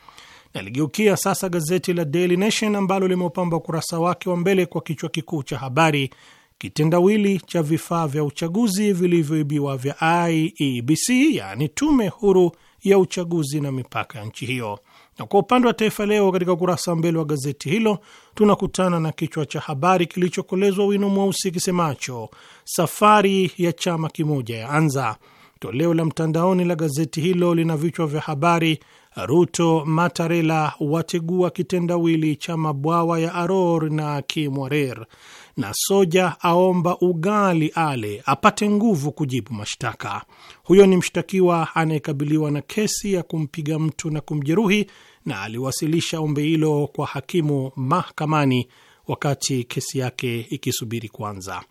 Naligeukia sasa gazeti la Daily Nation ambalo limeupamba ukurasa wake wa mbele kwa kichwa kikuu cha habari, kitendawili cha vifaa vya uchaguzi vilivyoibiwa vya IEBC, yaani tume huru ya uchaguzi na mipaka ya nchi hiyo. Na kwa upande wa Taifa Leo, katika ukurasa wa mbele wa gazeti hilo tunakutana na kichwa cha habari kilichokolezwa wino mweusi kisemacho safari ya chama kimoja ya anza. Toleo la mtandaoni la gazeti hilo lina vichwa vya habari: Ruto Matarela wategua kitendawili cha mabwawa ya Aror na Kimwarer, na soja aomba ugali ale apate nguvu kujibu mashtaka. Huyo ni mshtakiwa anayekabiliwa na kesi ya kumpiga mtu na kumjeruhi na aliwasilisha ombi hilo kwa hakimu mahakamani wakati kesi yake ikisubiri kuanza.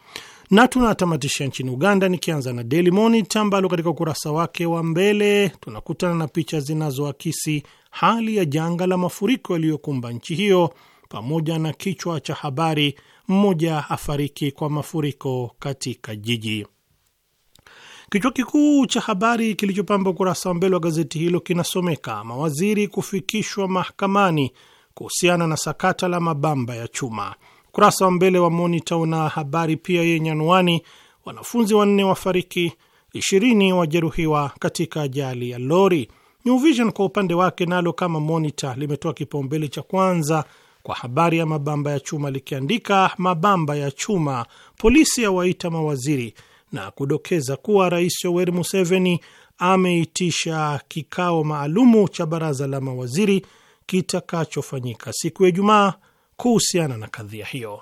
Na tunatamatisha nchini Uganda, nikianza na Daily Monitor ambalo katika ukurasa wake wa mbele tunakutana na picha zinazoakisi hali ya janga la mafuriko yaliyokumba nchi hiyo pamoja na kichwa cha habari, mmoja afariki kwa mafuriko katika jiji. Kichwa kikuu cha habari kilichopamba ukurasa wa mbele wa gazeti hilo kinasomeka mawaziri kufikishwa mahakamani kuhusiana na sakata la mabamba ya chuma. Ukurasa wa mbele wa Monita una habari pia yenye anwani wanafunzi wanne wafariki, ishirini wajeruhiwa katika ajali ya lori. New Vision kwa upande wake nalo kama Monita limetoa kipaumbele cha kwanza kwa habari ya mabamba ya chuma likiandika, mabamba ya chuma polisi yawaita mawaziri na kudokeza kuwa Rais Yoweri Museveni ameitisha kikao maalumu cha baraza la mawaziri kitakachofanyika siku ya Ijumaa kuhusiana na kadhia hiyo.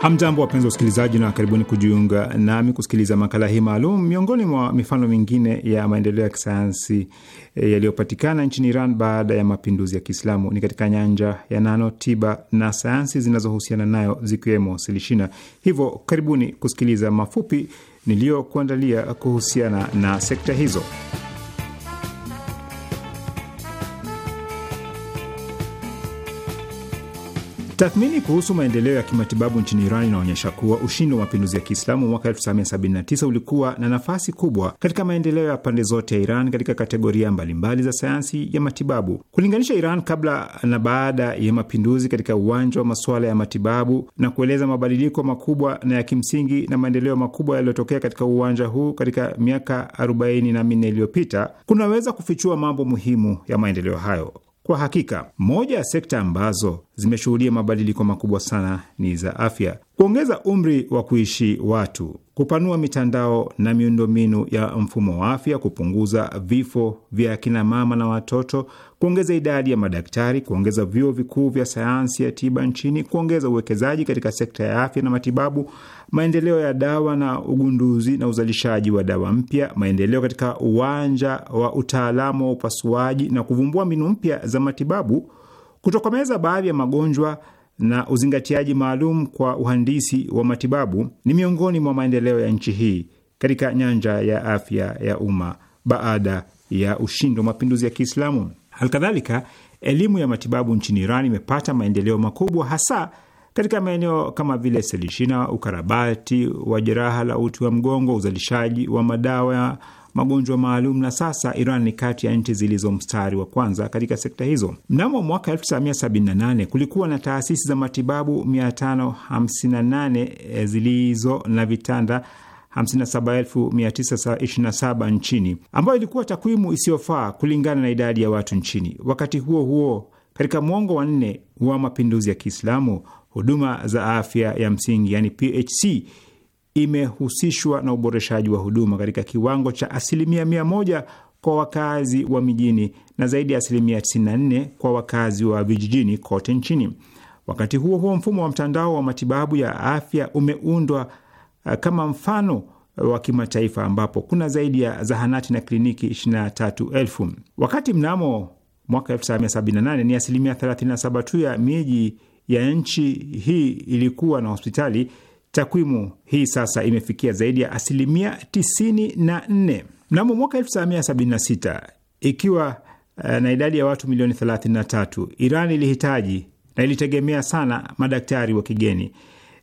Hamjambo, wapenzi wa usikilizaji, na karibuni kujiunga nami kusikiliza makala hii maalum. Miongoni mwa mifano mingine ya maendeleo ya kisayansi e, yaliyopatikana nchini Iran baada ya mapinduzi ya Kiislamu ni katika nyanja ya nano, tiba na sayansi zinazohusiana nayo zikiwemo silishina. Hivyo karibuni kusikiliza mafupi niliyokuandalia kuhusiana na sekta hizo. Tathmini kuhusu maendeleo ya kimatibabu nchini Iran inaonyesha kuwa ushindi wa mapinduzi ya Kiislamu mwaka 1979 ulikuwa na nafasi kubwa katika maendeleo ya pande zote ya Iran katika kategoria mbalimbali za sayansi ya matibabu. Kulinganisha Iran kabla na baada ya mapinduzi katika uwanja wa masuala ya matibabu na kueleza mabadiliko makubwa na ya kimsingi na maendeleo makubwa yaliyotokea katika uwanja huu katika miaka 4 iliyopita kunaweza kufichua mambo muhimu ya maendeleo hayo. Kwa hakika moja ya sekta ambazo zimeshuhudia mabadiliko makubwa sana ni za afya. Kuongeza umri wa kuishi watu kupanua mitandao na miundombinu ya mfumo wa afya, kupunguza vifo vya akina mama na watoto, kuongeza idadi ya madaktari, kuongeza vyuo vikuu vya sayansi ya tiba nchini, kuongeza uwekezaji katika sekta ya afya na matibabu, maendeleo ya dawa na ugunduzi na uzalishaji wa dawa mpya, maendeleo katika uwanja wa utaalamu wa upasuaji na kuvumbua mbinu mpya za matibabu, kutokomeza baadhi ya magonjwa na uzingatiaji maalum kwa uhandisi wa matibabu ni miongoni mwa maendeleo ya nchi hii katika nyanja ya afya ya umma baada ya ushindi wa mapinduzi ya Kiislamu. Halikadhalika, elimu ya matibabu nchini Iran imepata maendeleo makubwa, hasa katika maeneo kama vile selishina, ukarabati wa jeraha la uti wa mgongo, uzalishaji wa madawa magonjwa maalum, na sasa Iran ni kati ya nchi zilizo mstari wa kwanza katika sekta hizo. Mnamo mwaka 1978 kulikuwa na taasisi za matibabu 558 eh, zilizo na vitanda 57927 nchini, ambayo ilikuwa takwimu isiyofaa kulingana na idadi ya watu nchini. Wakati huo huo, katika mwongo wa nne wa mapinduzi ya Kiislamu, huduma za afya ya msingi yani PHC imehusishwa na uboreshaji wa huduma katika kiwango cha asilimia mia moja kwa wakazi wa mijini na zaidi ya asilimia 94 kwa wakazi wa vijijini kote nchini. Wakati huo huo, mfumo wa mtandao wa matibabu ya afya umeundwa uh, kama mfano wa kimataifa ambapo kuna zaidi ya zahanati na kliniki 23,000 wakati mnamo mwaka 1978 ni asilimia 37 tu ya miji ya nchi hii ilikuwa na hospitali Takwimu hii sasa imefikia zaidi ya asilimia 94. Mnamo mwaka 1976 ikiwa eh, na idadi ya watu milioni 33, Iran ilihitaji na ilitegemea sana madaktari wa kigeni,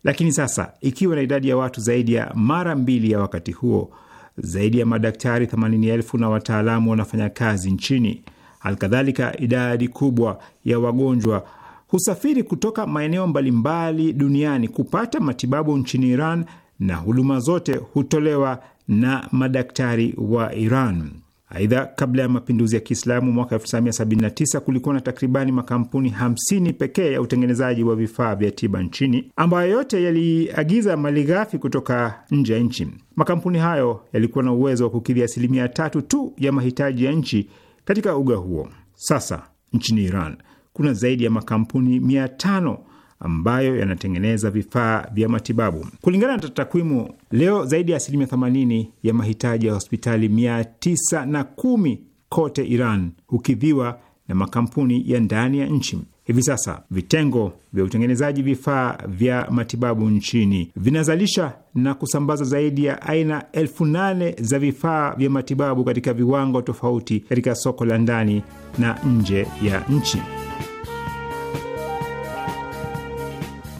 lakini sasa ikiwa na idadi ya watu zaidi ya mara mbili ya wakati huo, zaidi ya madaktari 80,000 na wataalamu wanafanya kazi nchini. Halikadhalika, idadi kubwa ya wagonjwa husafiri kutoka maeneo mbalimbali duniani kupata matibabu nchini Iran na huduma zote hutolewa na madaktari wa Iran. Aidha, kabla ya mapinduzi ya Kiislamu mwaka 1979 kulikuwa na takribani makampuni 50 pekee ya utengenezaji wa vifaa vya tiba nchini ambayo yote yaliagiza mali ghafi kutoka nje ya nchi. Makampuni hayo yalikuwa na uwezo wa kukidhi asilimia tatu tu ya mahitaji ya nchi katika uga huo. Sasa nchini Iran kuna zaidi ya makampuni mia tano ambayo yanatengeneza vifaa vya matibabu. Kulingana na takwimu leo, zaidi ya asilimia 80 ya mahitaji ya hospitali mia tisa na kumi kote Iran hukidhiwa na makampuni ya ndani ya nchi. Hivi sasa vitengo vya utengenezaji vifaa vya matibabu nchini vinazalisha na kusambaza zaidi ya aina elfu nane za vifaa vya matibabu katika viwango tofauti katika soko la ndani na nje ya nchi.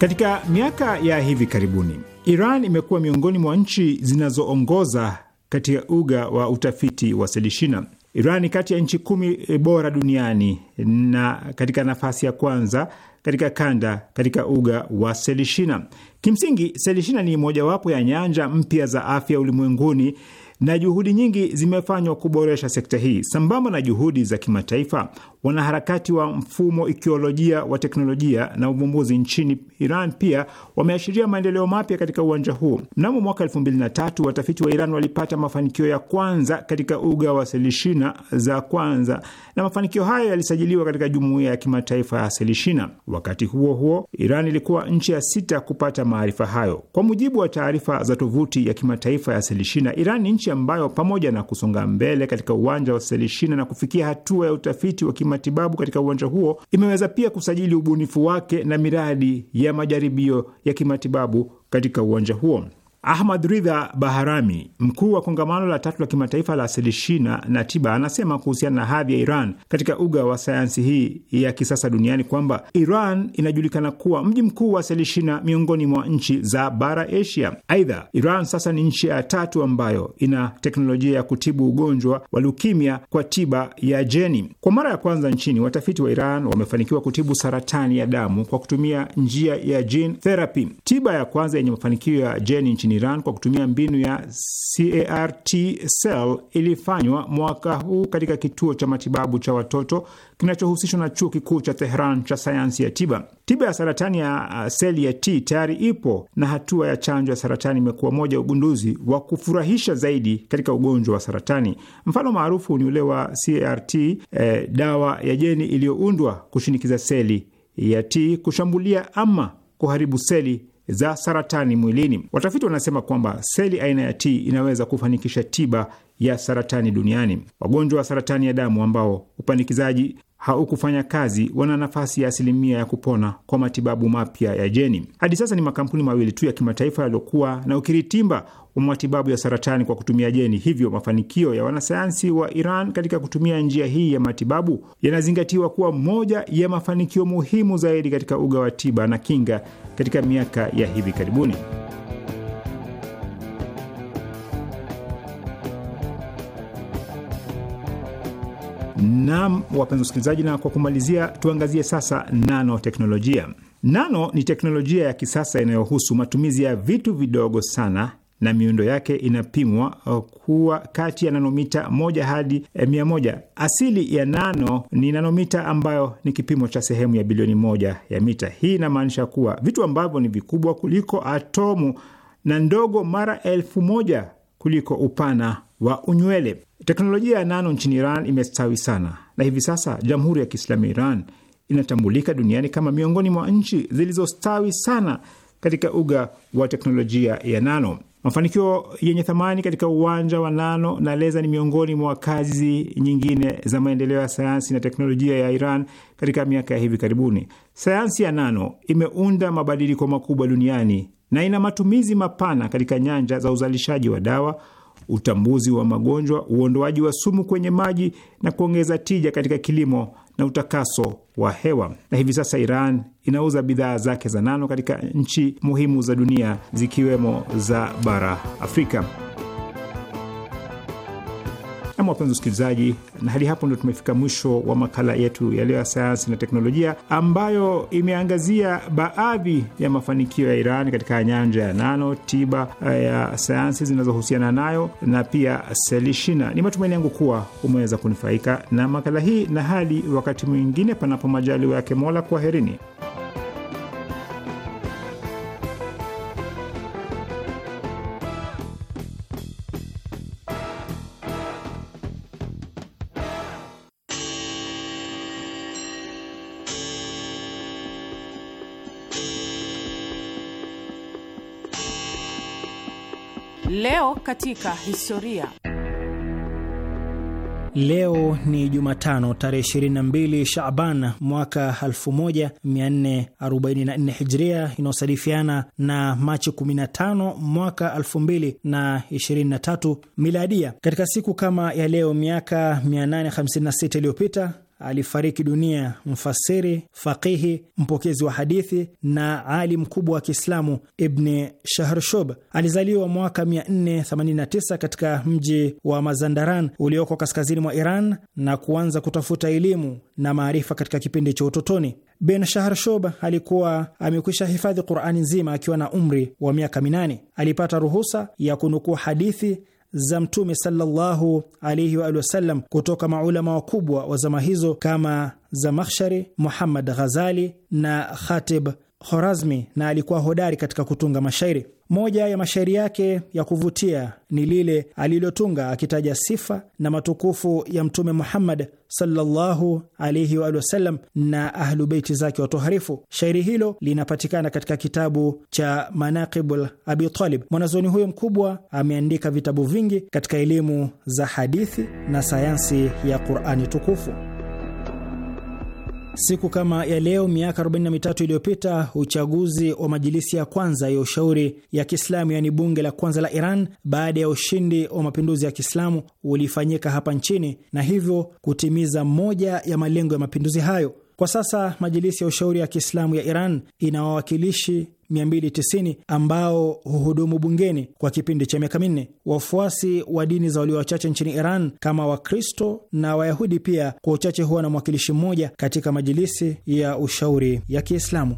Katika miaka ya hivi karibuni, Iran imekuwa miongoni mwa nchi zinazoongoza katika uga wa utafiti wa selishina. Iran ni kati ya nchi kumi eh, bora duniani na katika nafasi ya kwanza katika kanda katika uga wa selishina. Kimsingi, selishina ni mojawapo ya nyanja mpya za afya ulimwenguni na juhudi nyingi zimefanywa kuboresha sekta hii. Sambamba na juhudi za kimataifa, wanaharakati wa mfumo ikiolojia wa teknolojia na uvumbuzi nchini Iran pia wameashiria maendeleo mapya katika uwanja huo. Mnamo mwaka elfu mbili na tatu watafiti wa Iran walipata mafanikio ya kwanza katika uga wa selishina za kwanza, na mafanikio hayo yalisajiliwa katika jumuiya ya kimataifa ya selishina. Wakati huo huo, Iran ilikuwa nchi ya sita kupata maarifa hayo. Kwa mujibu wa taarifa za tovuti ya kimataifa ya selishina, Iran ni nchi ambayo pamoja na kusonga mbele katika uwanja wa selishina na kufikia hatua ya utafiti wa kimatibabu katika uwanja huo, imeweza pia kusajili ubunifu wake na miradi ya majaribio ya kimatibabu katika uwanja huo. Ahmad Ridha Baharami, mkuu wa kongamano la tatu la kimataifa la selishina na tiba, anasema kuhusiana na hadhi ya Iran katika uga wa sayansi hii ya kisasa duniani kwamba Iran inajulikana kuwa mji mkuu wa selishina miongoni mwa nchi za bara Asia. Aidha, Iran sasa ni nchi ya tatu ambayo ina teknolojia ya kutibu ugonjwa wa lukimia kwa tiba ya jeni. Kwa mara ya kwanza nchini, watafiti wa Iran wamefanikiwa kutibu saratani ya damu kwa kutumia njia ya gene therapy. Tiba ya kwanza yenye mafanikio ya jeni nchini nchini Iran kwa kutumia mbinu ya cart cell ilifanywa mwaka huu katika kituo cha matibabu cha watoto kinachohusishwa na chuo kikuu cha Tehran cha sayansi ya tiba. Tiba ya saratani ya seli uh, ya T tayari ipo na hatua ya chanjo ya saratani imekuwa moja ugunduzi wa kufurahisha zaidi katika ugonjwa wa saratani. Mfano maarufu ni ule wa cart eh, dawa ya jeni iliyoundwa kushinikiza seli ya T kushambulia ama kuharibu seli za saratani mwilini. Watafiti wanasema kwamba seli aina ya T inaweza kufanikisha tiba ya saratani duniani. Wagonjwa wa saratani ya damu ambao upandikizaji haukufanya kazi, wana nafasi ya asilimia ya kupona kwa matibabu mapya ya jeni. Hadi sasa ni makampuni mawili tu ya kimataifa yaliyokuwa na ukiritimba wa matibabu ya saratani kwa kutumia jeni. Hivyo mafanikio ya wanasayansi wa Iran katika kutumia njia hii ya matibabu yanazingatiwa kuwa moja ya mafanikio muhimu zaidi katika uga wa tiba na kinga katika miaka ya hivi karibuni. Naam wapenzi wasikilizaji, na kwa kumalizia, tuangazie sasa nanoteknolojia. Nano ni teknolojia ya kisasa inayohusu matumizi ya vitu vidogo sana na miundo yake inapimwa uh, kuwa kati ya nanomita moja hadi eh, mia moja. Asili ya nano ni nanomita ambayo ni kipimo cha sehemu ya bilioni moja ya mita. Hii inamaanisha kuwa vitu ambavyo ni vikubwa kuliko atomu na ndogo mara elfu moja kuliko upana wa unywele. Teknolojia ya nano nchini Iran imestawi sana na hivi sasa Jamhuri ya Kiislamu ya Iran inatambulika duniani kama miongoni mwa nchi zilizostawi sana katika uga wa teknolojia ya nano. Mafanikio yenye thamani katika uwanja wa nano na leza ni miongoni mwa kazi nyingine za maendeleo ya sayansi na teknolojia ya Iran katika miaka ya hivi karibuni. Sayansi ya nano imeunda mabadiliko makubwa duniani na ina matumizi mapana katika nyanja za uzalishaji wa dawa utambuzi wa magonjwa, uondoaji wa sumu kwenye maji na kuongeza tija katika kilimo na utakaso wa hewa. Na hivi sasa Iran inauza bidhaa zake za nano katika nchi muhimu za dunia zikiwemo za bara Afrika. Na wapenzi wasikilizaji, na hadi hapo ndio tumefika mwisho wa makala yetu ya leo ya sayansi na teknolojia ambayo imeangazia baadhi ya mafanikio ya Iran katika nyanja ya nano, tiba eh, ya sayansi zinazohusiana nayo na pia selishina. Ni matumaini yangu kuwa umeweza kunufaika na makala hii, na hadi wakati mwingine, panapo majaliwa yake Mola, kwaherini. Leo katika historia. Leo ni Jumatano tarehe 22 Shaban mwaka 1444 Hijria, inayosadifiana na Machi 15 mwaka 2023 Miladia. Katika siku kama ya leo miaka 856 iliyopita alifariki dunia mfasiri, faqihi, mpokezi wa hadithi na ali mkubwa wa Kiislamu Ibni Shahrshub. Alizaliwa mwaka 489 katika mji wa Mazandaran ulioko kaskazini mwa Iran na kuanza kutafuta elimu na maarifa katika kipindi cha utotoni. Ben Shahrshub alikuwa amekwisha hifadhi Qurani nzima akiwa na umri wa miaka minane. Alipata ruhusa ya kunukuu hadithi za Mtume sallallahu alaihi wa alihi wasallam kutoka maulama wakubwa wa zama hizo kama Zamakhshari, Muhammad Ghazali na Khatib Khorazmi, na alikuwa hodari katika kutunga mashairi. Moja ya mashairi yake ya kuvutia ni lile alilotunga akitaja sifa na matukufu ya Mtume Muhammad sallallahu alaihi wa sallam na ahlu beiti zake watoharifu. Shairi hilo linapatikana katika kitabu cha Manaqibul Abi Talib. Mwanazoni huyo mkubwa ameandika vitabu vingi katika elimu za hadithi na sayansi ya Qurani tukufu. Siku kama ya leo miaka 43 iliyopita uchaguzi wa majilisi ya kwanza ya ushauri ya Kiislamu, yaani bunge la kwanza la Iran, baada ya ushindi wa mapinduzi ya Kiislamu ulifanyika hapa nchini na hivyo kutimiza moja ya malengo ya mapinduzi hayo. Kwa sasa majilisi ya ushauri ya Kiislamu ya Iran ina wawakilishi 290 ambao huhudumu bungeni kwa kipindi cha miaka minne. Wafuasi wa dini za walio wachache nchini Iran kama Wakristo na Wayahudi pia kwa uchache huwa na mwakilishi mmoja katika majilisi ya ushauri ya Kiislamu.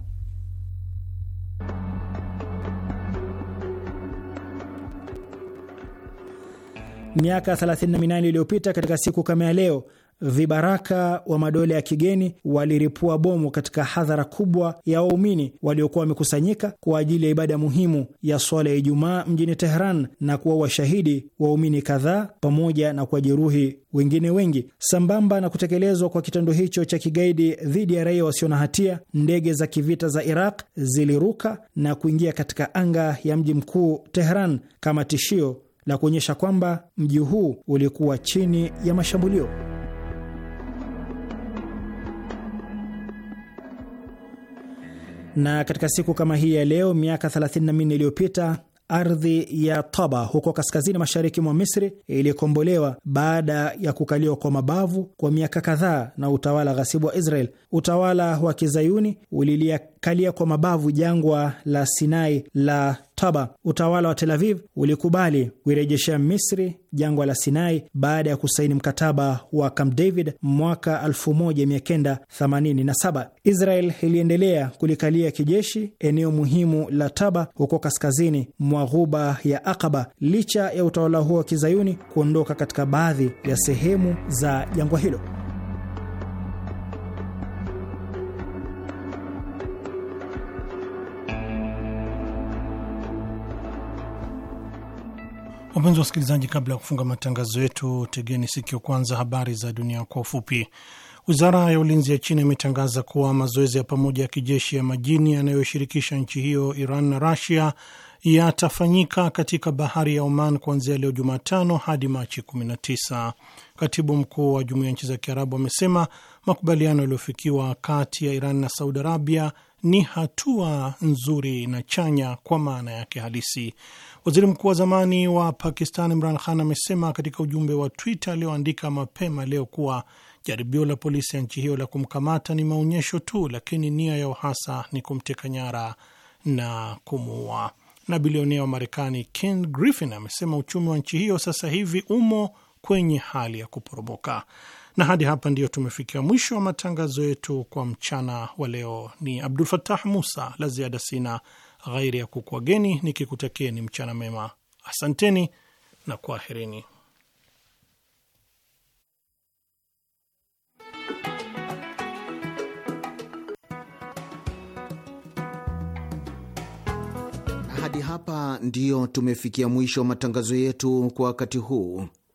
Miaka 38 iliyopita katika siku kama ya leo vibaraka wa madola ya kigeni waliripua bomu katika hadhara kubwa ya waumini waliokuwa wamekusanyika kwa ajili ya ibada muhimu ya swala ya Ijumaa mjini Tehran na kuwa washahidi waumini kadhaa pamoja na kuwajeruhi wengine wengi. Sambamba na kutekelezwa kwa kitendo hicho cha kigaidi dhidi ya raia wasio na hatia, ndege za kivita za Iraq ziliruka na kuingia katika anga ya mji mkuu Tehran kama tishio la kuonyesha kwamba mji huu ulikuwa chini ya mashambulio. Na katika siku kama hii ya leo miaka 34 iliyopita ardhi ya Taba huko kaskazini mashariki mwa Misri ilikombolewa baada ya kukaliwa kwa mabavu kwa miaka kadhaa na utawala ghasibu wa Israel. Utawala wa kizayuni uliliakalia kwa mabavu jangwa la Sinai la Taba. Utawala wa Tel Aviv ulikubali kuirejeshea Misri jangwa la Sinai baada ya kusaini mkataba wa Camp David mwaka 1987. Israel iliendelea kulikalia kijeshi eneo muhimu la Taba huko kaskazini mwa ghuba ya Akaba licha ya utawala huo wa kizayuni kuondoka katika baadhi ya sehemu za jangwa hilo. Wapenzi wa wasikilizaji, kabla ya kufunga matangazo yetu, tegeni sikio kwanza habari za dunia kwa ufupi. Wizara ya ulinzi ya China imetangaza kuwa mazoezi ya pamoja ya kijeshi ya majini yanayoshirikisha nchi hiyo, Iran na Rasia yatafanyika katika bahari ya Oman kuanzia leo Jumatano hadi Machi 19. Katibu mkuu wa jumuiya ya nchi za Kiarabu amesema makubaliano yaliyofikiwa kati ya Iran na Saudi Arabia ni hatua nzuri na chanya kwa maana yake halisi. Waziri mkuu wa zamani wa Pakistan Imran Khan amesema katika ujumbe wa Twitter aliyoandika mapema leo kuwa jaribio la polisi ya nchi hiyo la kumkamata ni maonyesho tu, lakini nia ya uhasa ni kumteka nyara na kumuua. Na bilionea wa Marekani Ken Griffin amesema uchumi wa nchi hiyo sasa hivi umo kwenye hali ya kuporomoka. Na hadi hapa ndio tumefikia mwisho wa matangazo yetu kwa mchana wa leo. Ni Abdul Fatah Musa. La ziada sina ghairi ya kukwageni nikikutakieni mchana mema. Asanteni na kwaherini. Hadi hapa ndio tumefikia mwisho wa matangazo yetu kwa wakati huu.